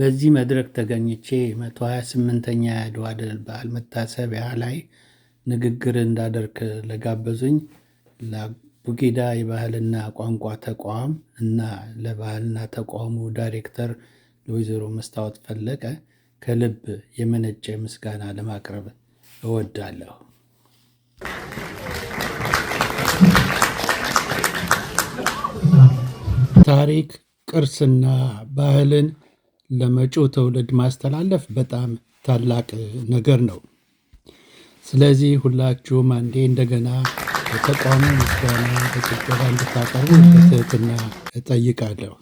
በዚህ መድረክ ተገኝቼ 128ኛ የአድዋ ድል በዓል መታሰቢያ ላይ ንግግር እንዳደርግ ለጋበዙኝ ለቡጌዳ የባህልና ቋንቋ ተቋም እና ለባህልና ተቋሙ ዳይሬክተር ለወይዘሮ መስታወት ፈለቀ ከልብ የመነጨ ምስጋና ለማቅረብ እወዳለሁ። ታሪክ ቅርስና ባህልን ለመጪው ትውልድ ማስተላለፍ በጣም ታላቅ ነገር ነው። ስለዚህ ሁላችሁም አንዴ እንደገና የተቃውሞ ምስጋና በጭጨራ እንድታቀርቡ በትህትና እጠይቃለሁ።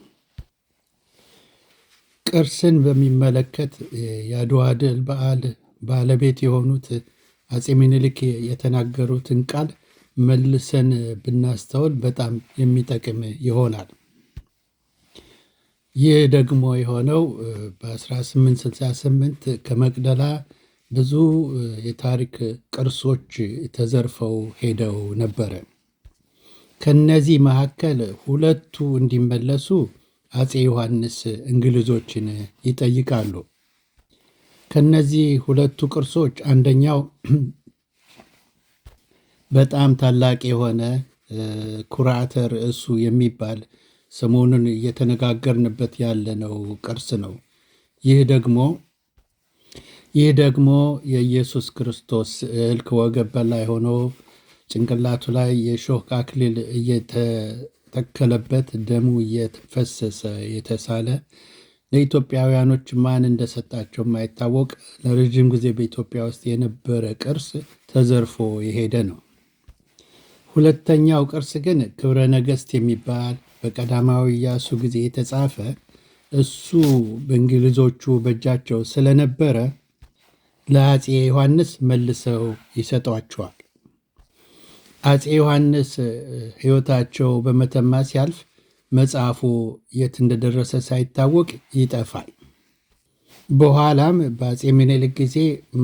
ቅርስን በሚመለከት የአድዋ ድል በዓል ባለቤት የሆኑት አፄ ምኒልክ የተናገሩትን ቃል መልሰን ብናስተውል በጣም የሚጠቅም ይሆናል። ይህ ደግሞ የሆነው በ1868 ከመቅደላ ብዙ የታሪክ ቅርሶች ተዘርፈው ሄደው ነበረ። ከነዚህ መካከል ሁለቱ እንዲመለሱ አፄ ዮሐንስ እንግሊዞችን ይጠይቃሉ። ከነዚህ ሁለቱ ቅርሶች አንደኛው በጣም ታላቅ የሆነ ኩራተ ርዕሱ የሚባል ሰሞኑን እየተነጋገርንበት ያለነው ቅርስ ነው። ይህ ደግሞ ይህ ደግሞ የኢየሱስ ክርስቶስ ስዕል ከወገብ በላይ ሆኖ ጭንቅላቱ ላይ የሾህ አክሊል እየተተከለበት ደሙ እየፈሰሰ የተሳለ ለኢትዮጵያውያኖች ማን እንደሰጣቸው የማይታወቅ ለረዥም ጊዜ በኢትዮጵያ ውስጥ የነበረ ቅርስ ተዘርፎ የሄደ ነው። ሁለተኛው ቅርስ ግን ክብረ ነገሥት የሚባል በቀዳማዊ ኢያሱ ጊዜ የተጻፈ እሱ በእንግሊዞቹ በእጃቸው ስለነበረ ለአፄ ዮሐንስ መልሰው ይሰጧቸዋል። አፄ ዮሐንስ ሕይወታቸው በመተማ ሲያልፍ መጽሐፉ የት እንደደረሰ ሳይታወቅ ይጠፋል። በኋላም በአፄ ምኒልክ ጊዜ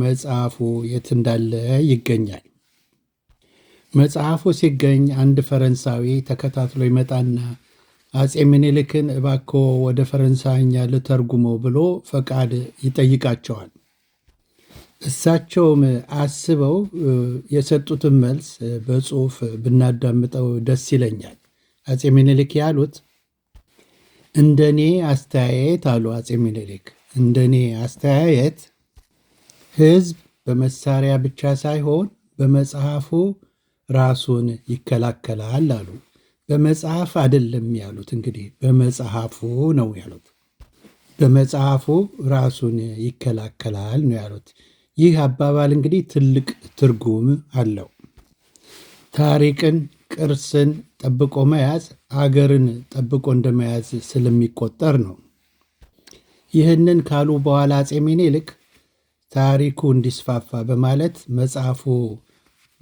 መጽሐፉ የት እንዳለ ይገኛል። መጽሐፉ ሲገኝ አንድ ፈረንሳዊ ተከታትሎ ይመጣና አጼ ምኒልክን እባኮ ወደ ፈረንሳይኛ ልተርጉመው ብሎ ፈቃድ ይጠይቃቸዋል። እሳቸውም አስበው የሰጡትን መልስ በጽሁፍ ብናዳምጠው ደስ ይለኛል። አጼ ምኒልክ ያሉት እንደኔ አስተያየት አሉ አጼ ምኒልክ እንደኔ አስተያየት ሕዝብ በመሳሪያ ብቻ ሳይሆን በመጽሐፉ ራሱን ይከላከላል አሉ። በመጽሐፍ አይደለም ያሉት እንግዲህ በመጽሐፉ ነው ያሉት። በመጽሐፉ ራሱን ይከላከላል ነው ያሉት። ይህ አባባል እንግዲህ ትልቅ ትርጉም አለው። ታሪክን፣ ቅርስን ጠብቆ መያዝ አገርን ጠብቆ እንደመያዝ ስለሚቆጠር ነው። ይህንን ካሉ በኋላ አፄ ምኒልክ ታሪኩ እንዲስፋፋ በማለት መጽሐፉ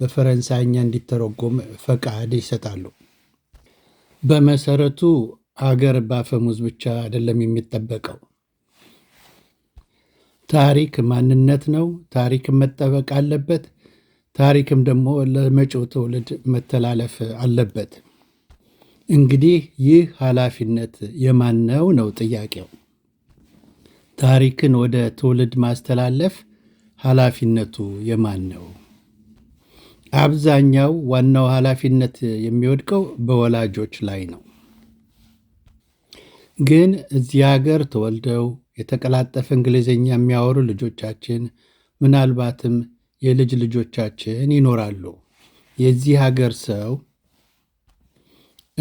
በፈረንሳይኛ እንዲተረጎም ፈቃድ ይሰጣሉ። በመሰረቱ አገር በአፈሙዝ ብቻ አይደለም የሚጠበቀው። ታሪክ ማንነት ነው። ታሪክ መጠበቅ አለበት። ታሪክም ደግሞ ለመጪው ትውልድ መተላለፍ አለበት። እንግዲህ ይህ ኃላፊነት የማነው ነው ጥያቄው። ታሪክን ወደ ትውልድ ማስተላለፍ ኃላፊነቱ የማን ነው? አብዛኛው ዋናው ኃላፊነት የሚወድቀው በወላጆች ላይ ነው። ግን እዚህ ሀገር ተወልደው የተቀላጠፈ እንግሊዝኛ የሚያወሩ ልጆቻችን ምናልባትም የልጅ ልጆቻችን ይኖራሉ። የዚህ ሀገር ሰው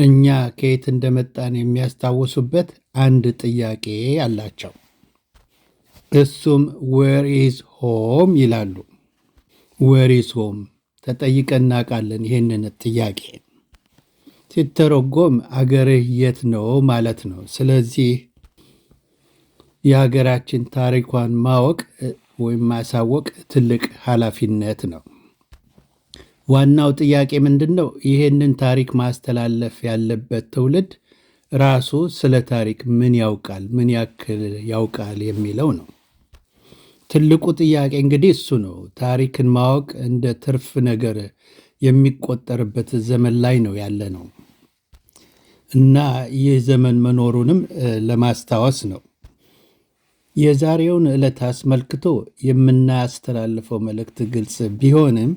እኛ ከየት እንደመጣን የሚያስታውሱበት አንድ ጥያቄ አላቸው። እሱም ዌር ኢዝ ሆም ይላሉ። ዌር ኢዝ ሆም ተጠይቀን እናውቃለን። ይህንን ጥያቄ ሲተረጎም አገርህ የት ነው ማለት ነው። ስለዚህ የሀገራችን ታሪኳን ማወቅ ወይም ማሳወቅ ትልቅ ኃላፊነት ነው። ዋናው ጥያቄ ምንድን ነው? ይህንን ታሪክ ማስተላለፍ ያለበት ትውልድ ራሱ ስለ ታሪክ ምን ያውቃል፣ ምን ያክል ያውቃል የሚለው ነው። ትልቁ ጥያቄ እንግዲህ እሱ ነው። ታሪክን ማወቅ እንደ ትርፍ ነገር የሚቆጠርበት ዘመን ላይ ነው ያለ ነው እና ይህ ዘመን መኖሩንም ለማስታወስ ነው። የዛሬውን ዕለት አስመልክቶ የምናስተላልፈው መልእክት ግልጽ ቢሆንም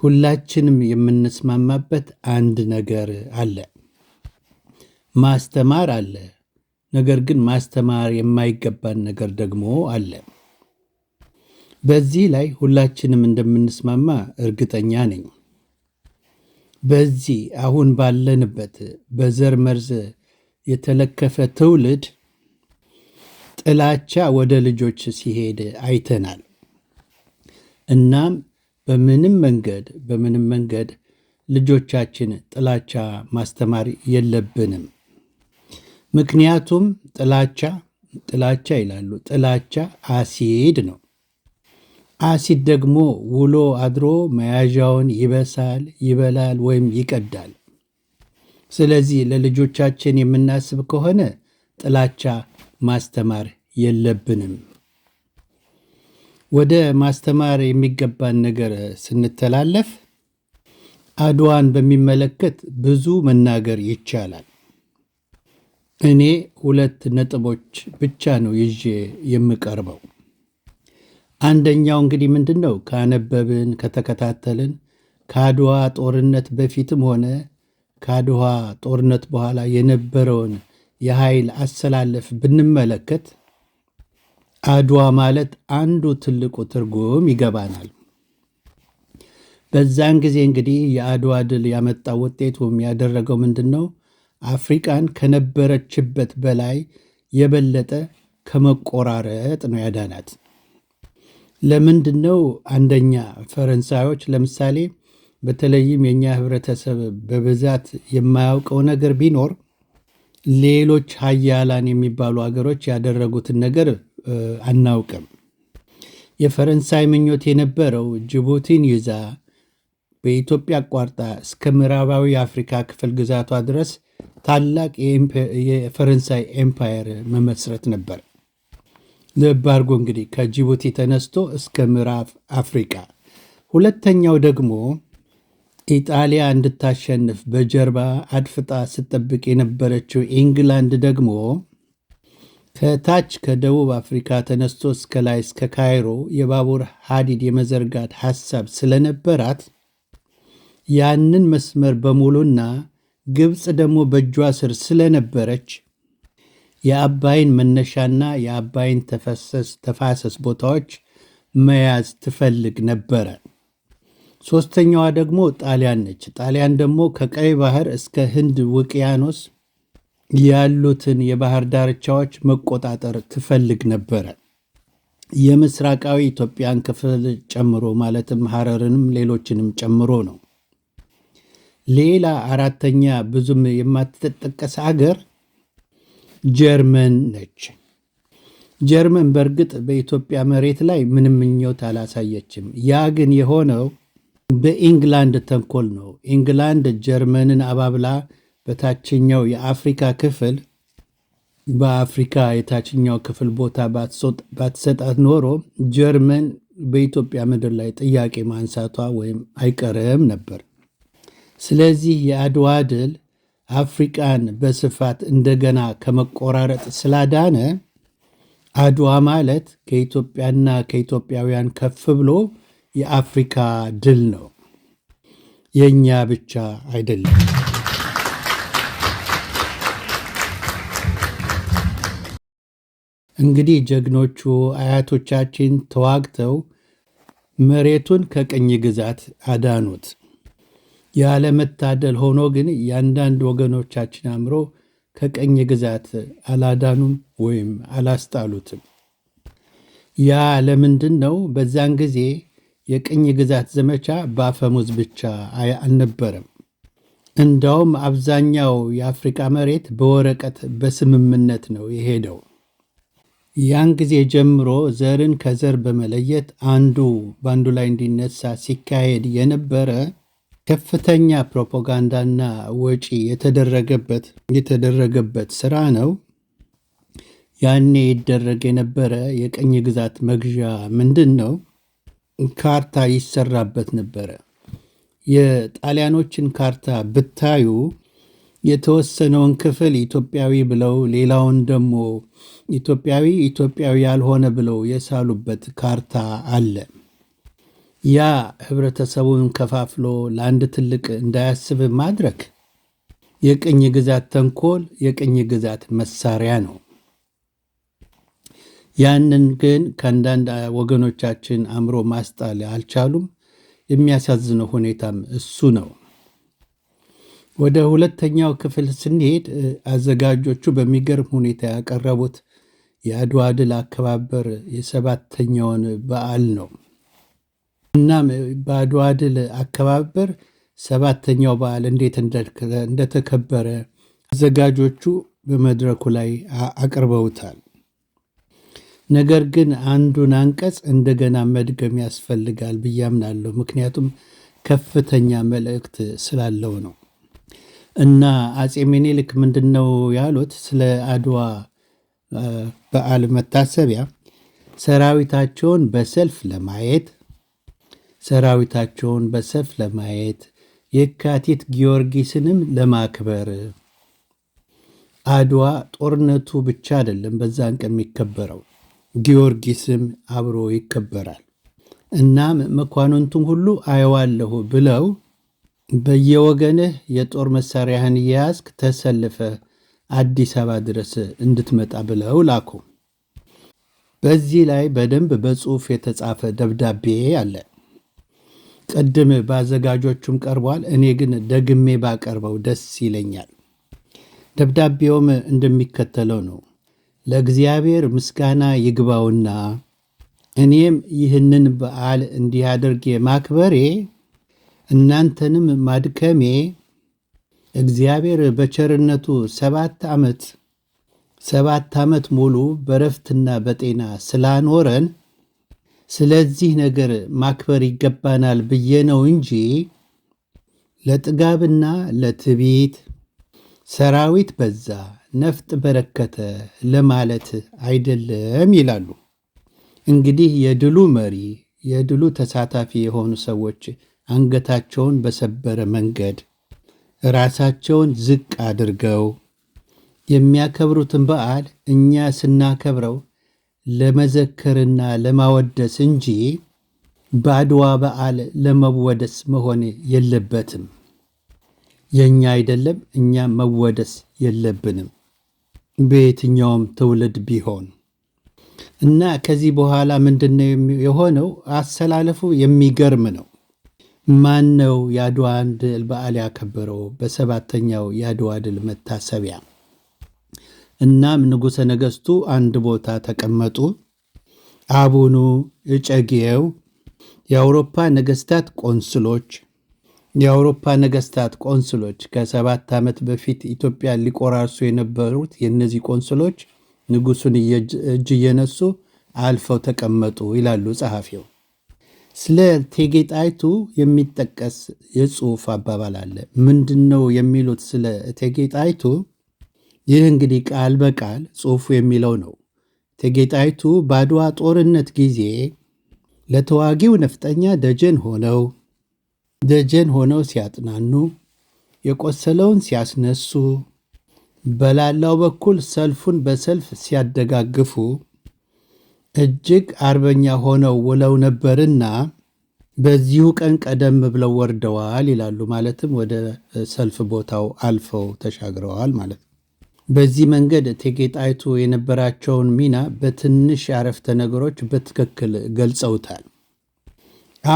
ሁላችንም የምንስማማበት አንድ ነገር አለ። ማስተማር አለ። ነገር ግን ማስተማር የማይገባን ነገር ደግሞ አለ። በዚህ ላይ ሁላችንም እንደምንስማማ እርግጠኛ ነኝ። በዚህ አሁን ባለንበት በዘር መርዝ የተለከፈ ትውልድ ጥላቻ ወደ ልጆች ሲሄድ አይተናል። እናም በምንም መንገድ በምንም መንገድ ልጆቻችን ጥላቻ ማስተማር የለብንም። ምክንያቱም ጥላቻ ጥላቻ ይላሉ፣ ጥላቻ አሲድ ነው። አሲድ ደግሞ ውሎ አድሮ መያዣውን ይበሳል፣ ይበላል ወይም ይቀዳል። ስለዚህ ለልጆቻችን የምናስብ ከሆነ ጥላቻ ማስተማር የለብንም። ወደ ማስተማር የሚገባን ነገር ስንተላለፍ አድዋን በሚመለከት ብዙ መናገር ይቻላል። እኔ ሁለት ነጥቦች ብቻ ነው ይዤ የምቀርበው። አንደኛው እንግዲህ ምንድን ነው? ካነበብን ከተከታተልን ከአድዋ ጦርነት በፊትም ሆነ ከአድዋ ጦርነት በኋላ የነበረውን የኃይል አሰላለፍ ብንመለከት አድዋ ማለት አንዱ ትልቁ ትርጉም ይገባናል። በዛን ጊዜ እንግዲህ የአድዋ ድል ያመጣው ውጤቱም ያደረገው ምንድን ነው? አፍሪቃን ከነበረችበት በላይ የበለጠ ከመቆራረጥ ነው ያዳናት። ለምንድን ነው? አንደኛ ፈረንሳዮች ለምሳሌ በተለይም የእኛ ህብረተሰብ በብዛት የማያውቀው ነገር ቢኖር ሌሎች ሀያላን የሚባሉ ሀገሮች ያደረጉትን ነገር አናውቅም። የፈረንሳይ ምኞት የነበረው ጅቡቲን ይዛ በኢትዮጵያ አቋርጣ እስከ ምዕራባዊ የአፍሪካ ክፍል ግዛቷ ድረስ ታላቅ የፈረንሳይ ኤምፓየር መመስረት ነበር። ልብ አድርጎ እንግዲህ ከጅቡቲ ተነስቶ እስከ ምዕራብ አፍሪካ ሁለተኛው ደግሞ ኢጣሊያ እንድታሸንፍ በጀርባ አድፍጣ ስትጠብቅ የነበረችው ኢንግላንድ ደግሞ ከታች ከደቡብ አፍሪካ ተነስቶ እስከ ላይ እስከ ካይሮ የባቡር ሀዲድ የመዘርጋት ሐሳብ ስለነበራት ያንን መስመር በሙሉና ግብፅ ደግሞ በእጇ ስር ስለነበረች የአባይን መነሻና የአባይን ተፋሰስ ቦታዎች መያዝ ትፈልግ ነበረ። ሶስተኛዋ ደግሞ ጣሊያን ነች። ጣሊያን ደግሞ ከቀይ ባህር እስከ ህንድ ውቅያኖስ ያሉትን የባህር ዳርቻዎች መቆጣጠር ትፈልግ ነበረ። የምስራቃዊ ኢትዮጵያን ክፍል ጨምሮ ማለትም ሀረርንም ሌሎችንም ጨምሮ ነው። ሌላ አራተኛ ብዙም የማትጠቀስ አገር ጀርመን ነች። ጀርመን በእርግጥ በኢትዮጵያ መሬት ላይ ምንም ምኞት አላሳየችም። ያ ግን የሆነው በኢንግላንድ ተንኮል ነው። ኢንግላንድ ጀርመንን አባብላ በታችኛው የአፍሪካ ክፍል በአፍሪካ የታችኛው ክፍል ቦታ ባትሰጣት ኖሮ ጀርመን በኢትዮጵያ ምድር ላይ ጥያቄ ማንሳቷ ወይም አይቀርም ነበር። ስለዚህ የአድዋ ድል አፍሪቃን በስፋት እንደገና ከመቆራረጥ ስላዳነ አድዋ ማለት ከኢትዮጵያና ከኢትዮጵያውያን ከፍ ብሎ የአፍሪካ ድል ነው፣ የእኛ ብቻ አይደለም። እንግዲህ ጀግኖቹ አያቶቻችን ተዋግተው መሬቱን ከቅኝ ግዛት አዳኑት። ያለመታደል ሆኖ ግን የአንዳንድ ወገኖቻችን አእምሮ ከቀኝ ግዛት አላዳኑም ወይም አላስጣሉትም። ያ ለምንድን ነው? በዛን ጊዜ የቅኝ ግዛት ዘመቻ በአፈሙዝ ብቻ አልነበረም። እንዳውም አብዛኛው የአፍሪቃ መሬት በወረቀት በስምምነት ነው የሄደው። ያን ጊዜ ጀምሮ ዘርን ከዘር በመለየት አንዱ በአንዱ ላይ እንዲነሳ ሲካሄድ የነበረ ከፍተኛ ፕሮፓጋንዳና ወጪ የተደረገበት የተደረገበት ስራ ነው። ያኔ ይደረግ የነበረ የቅኝ ግዛት መግዣ ምንድን ነው? ካርታ ይሰራበት ነበረ። የጣሊያኖችን ካርታ ብታዩ የተወሰነውን ክፍል ኢትዮጵያዊ ብለው ሌላውን ደግሞ ኢትዮጵያዊ ኢትዮጵያዊ ያልሆነ ብለው የሳሉበት ካርታ አለ። ያ ህብረተሰቡን ከፋፍሎ ለአንድ ትልቅ እንዳያስብ ማድረግ የቅኝ ግዛት ተንኮል፣ የቅኝ ግዛት መሳሪያ ነው። ያንን ግን ከአንዳንድ ወገኖቻችን አእምሮ ማስጣል አልቻሉም። የሚያሳዝነው ሁኔታም እሱ ነው። ወደ ሁለተኛው ክፍል ስንሄድ አዘጋጆቹ በሚገርም ሁኔታ ያቀረቡት የአድዋ ድል አከባበር የሰባተኛውን በዓል ነው። እናም በአድዋ ድል አከባበር ሰባተኛው በዓል እንዴት እንደተከበረ አዘጋጆቹ በመድረኩ ላይ አቅርበውታል። ነገር ግን አንዱን አንቀጽ እንደገና መድገም ያስፈልጋል ብዬ አምናለሁ። ምክንያቱም ከፍተኛ መልእክት ስላለው ነው። እና አፄ ምኒልክ ምንድን ነው ያሉት? ስለ አድዋ በዓል መታሰቢያ ሰራዊታቸውን በሰልፍ ለማየት ሰራዊታቸውን በሰፍ ለማየት የካቲት ጊዮርጊስንም ለማክበር አድዋ ጦርነቱ ብቻ አይደለም በዛን ቀን የሚከበረው፣ ጊዮርጊስም አብሮ ይከበራል። እናም መኳንንቱም ሁሉ አየዋለሁ ብለው በየወገንህ የጦር መሳሪያህን እያያዝክ ተሰልፈ አዲስ አበባ ድረስ እንድትመጣ ብለው ላኩ። በዚህ ላይ በደንብ በጽሑፍ የተጻፈ ደብዳቤ አለ። ቅድም በአዘጋጆቹም ቀርቧል። እኔ ግን ደግሜ ባቀርበው ደስ ይለኛል። ደብዳቤውም እንደሚከተለው ነው። ለእግዚአብሔር ምስጋና ይግባውና እኔም ይህንን በዓል እንዲያደርግ የማክበሬ ማክበሬ እናንተንም ማድከሜ እግዚአብሔር በቸርነቱ ሰባት ዓመት ሰባት ዓመት ሙሉ በረፍትና በጤና ስላኖረን ስለዚህ ነገር ማክበር ይገባናል ብዬ ነው እንጂ ለጥጋብና ለትቢት ሰራዊት በዛ ነፍጥ በረከተ ለማለት አይደለም ይላሉ። እንግዲህ የድሉ መሪ የድሉ ተሳታፊ የሆኑ ሰዎች አንገታቸውን በሰበረ መንገድ ራሳቸውን ዝቅ አድርገው የሚያከብሩትን በዓል እኛ ስናከብረው ለመዘከርና ለማወደስ እንጂ በአድዋ በዓል ለመወደስ መሆን የለበትም። የእኛ አይደለም፣ እኛ መወደስ የለብንም በየትኛውም ትውልድ ቢሆን እና ከዚህ በኋላ ምንድነው የሆነው? አሰላለፉ የሚገርም ነው። ማን ነው የአድዋ ድል በዓል ያከበረው? በሰባተኛው የአድዋ ድል መታሰቢያ እናም ንጉሠ ነገሥቱ አንድ ቦታ ተቀመጡ። አቡኑ እጨጌው፣ የአውሮፓ ነገሥታት ቆንስሎች የአውሮፓ ነገሥታት ቆንስሎች ከሰባት ዓመት በፊት ኢትዮጵያ ሊቆራርሱ የነበሩት የእነዚህ ቆንስሎች ንጉሡን እጅ እየነሱ አልፈው ተቀመጡ ይላሉ ጸሐፊው። ስለ እቴጌ ጣይቱ የሚጠቀስ የጽሑፍ አባባል አለ። ምንድን ነው የሚሉት? ስለ እቴጌ ጣይቱ ይህ እንግዲህ ቃል በቃል ጽሑፉ የሚለው ነው። እቴጌ ጣይቱ በአድዋ ጦርነት ጊዜ ለተዋጊው ነፍጠኛ ደጀን ሆነው ደጀን ሆነው ሲያጥናኑ፣ የቆሰለውን ሲያስነሱ፣ በላላው በኩል ሰልፉን በሰልፍ ሲያደጋግፉ እጅግ አርበኛ ሆነው ውለው ነበርና በዚሁ ቀን ቀደም ብለው ወርደዋል ይላሉ። ማለትም ወደ ሰልፍ ቦታው አልፈው ተሻግረዋል ማለት ነው። በዚህ መንገድ እቴጌ ጣይቱ የነበራቸውን ሚና በትንሽ አረፍተ ነገሮች በትክክል ገልጸውታል።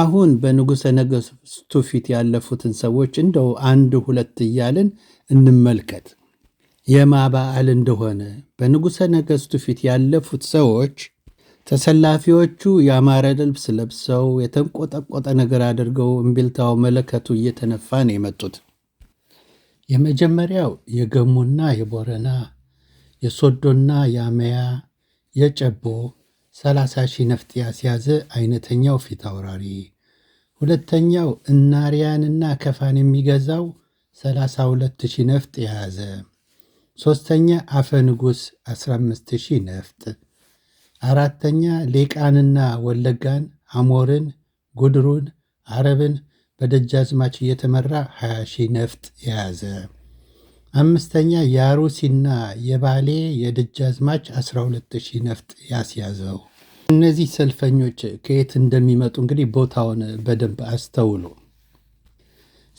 አሁን በንጉሠ ነገሥቱ ፊት ያለፉትን ሰዎች እንደው አንድ ሁለት እያልን እንመልከት። የማ በዓል እንደሆነ በንጉሠ ነገሥቱ ፊት ያለፉት ሰዎች ተሰላፊዎቹ ያማረ ልብስ ለብሰው የተንቆጠቆጠ ነገር አድርገው እምቢልታው መለከቱ እየተነፋ ነው የመጡት። የመጀመሪያው የገሙና የቦረና የሶዶና የአመያ የጨቦ 30 ሺ ነፍጥ ያስያዘ አይነተኛው ፊት አውራሪ፣ ሁለተኛው እናሪያንና ከፋን የሚገዛው 32 ሺ ነፍጥ የያዘ፣ ሦስተኛ አፈ ንጉሥ 15 ሺ ነፍጥ፣ አራተኛ ሌቃንና ወለጋን አሞርን ጉድሩን አረብን በደጃዝማች እየተመራ 20 ሺህ ነፍጥ የያዘ አምስተኛ የአሩሲና የባሌ የደጃዝማች 12 ሺህ ነፍጥ ያስያዘው። እነዚህ ሰልፈኞች ከየት እንደሚመጡ እንግዲህ ቦታውን በደንብ አስተውሉ።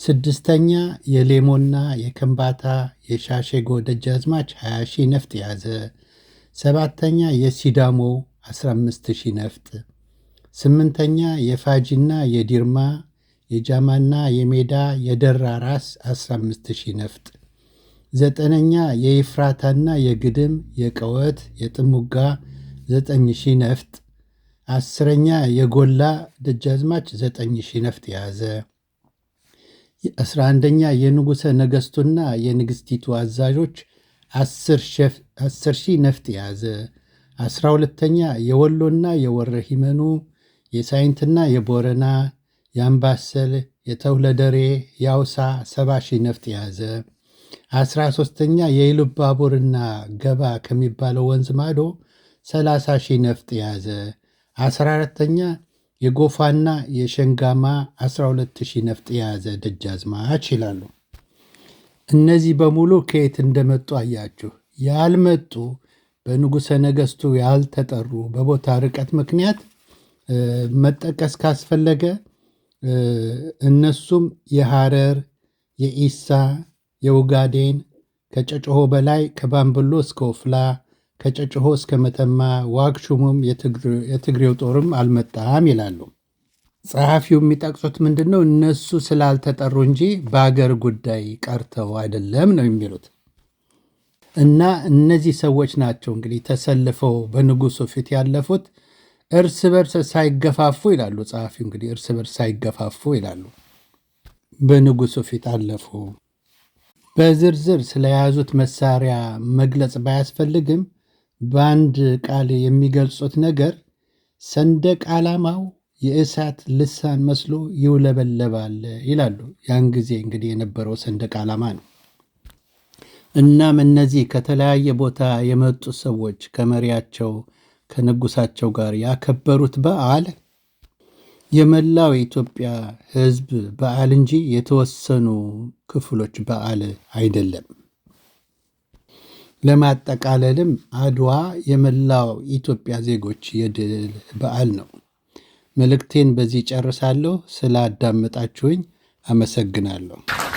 ስድስተኛ የሌሞና የከምባታ የሻሸጎ ደጃዝማች 20 ሺህ ነፍጥ ያዘ። ሰባተኛ የሲዳሞ 15 ሺህ ነፍጥ። ስምንተኛ የፋጂና የዲርማ የጃማና የሜዳ የደራ ራስ 15000 ነፍጥ። ዘጠነኛ የይፍራታና የግድም የቀወት የጥሙጋ 9000 ነፍጥ። አስረኛ የጎላ ደጃዝማች 9000 ነፍጥ የያዘ። አስራ አንደኛ የንጉሠ ነገሥቱና የንግሥቲቱ አዛዦች አስር ሺህ ነፍጥ የያዘ። አስራ ሁለተኛ የወሎና የወረ ሂመኑ የሳይንትና የቦረና የአምባሰል የተውለደሬ የአውሳ ሰባ ሺህ ነፍጥ የያዘ አስራ ሶስተኛ የኢሉባቡርና ገባ ከሚባለው ወንዝ ማዶ ሰላሳ ሺህ ነፍጥ የያዘ አስራ አራተኛ የጎፋና የሸንጋማ ሺህ ነፍጥ የያዘ ደጃዝማች ይላሉ። እነዚህ በሙሉ ከየት እንደመጡ አያችሁ። ያልመጡ በንጉሠ ነገሥቱ ያልተጠሩ በቦታ ርቀት ምክንያት መጠቀስ ካስፈለገ እነሱም የሐረር የኢሳ የውጋዴን ከጨጨሆ በላይ ከባምብሎ እስከ ወፍላ ከጨጨሆ እስከ መተማ ዋግሹሙም የትግሬው ጦርም አልመጣም ይላሉ። ጸሐፊው የሚጠቅሱት ምንድን ነው? እነሱ ስላልተጠሩ እንጂ በአገር ጉዳይ ቀርተው አይደለም ነው የሚሉት። እና እነዚህ ሰዎች ናቸው እንግዲህ ተሰልፈው በንጉሱ ፊት ያለፉት እርስ በርስ ሳይገፋፉ ይላሉ ጸሐፊው። እንግዲህ እርስ በርስ ሳይገፋፉ ይላሉ። በንጉሱ ፊት አለፉ። በዝርዝር ስለያዙት መሳሪያ መግለጽ ባያስፈልግም በአንድ ቃል የሚገልጹት ነገር ሰንደቅ ዓላማው የእሳት ልሳን መስሎ ይውለበለባል ይላሉ። ያን ጊዜ እንግዲህ የነበረው ሰንደቅ ዓላማ ነው። እናም እነዚህ ከተለያየ ቦታ የመጡ ሰዎች ከመሪያቸው ከንጉሳቸው ጋር ያከበሩት በዓል የመላው የኢትዮጵያ ሕዝብ በዓል እንጂ የተወሰኑ ክፍሎች በዓል አይደለም። ለማጠቃለልም አድዋ የመላው ኢትዮጵያ ዜጎች የድል በዓል ነው። መልእክቴን በዚህ ጨርሳለሁ። ስላዳመጣችሁኝ አመሰግናለሁ።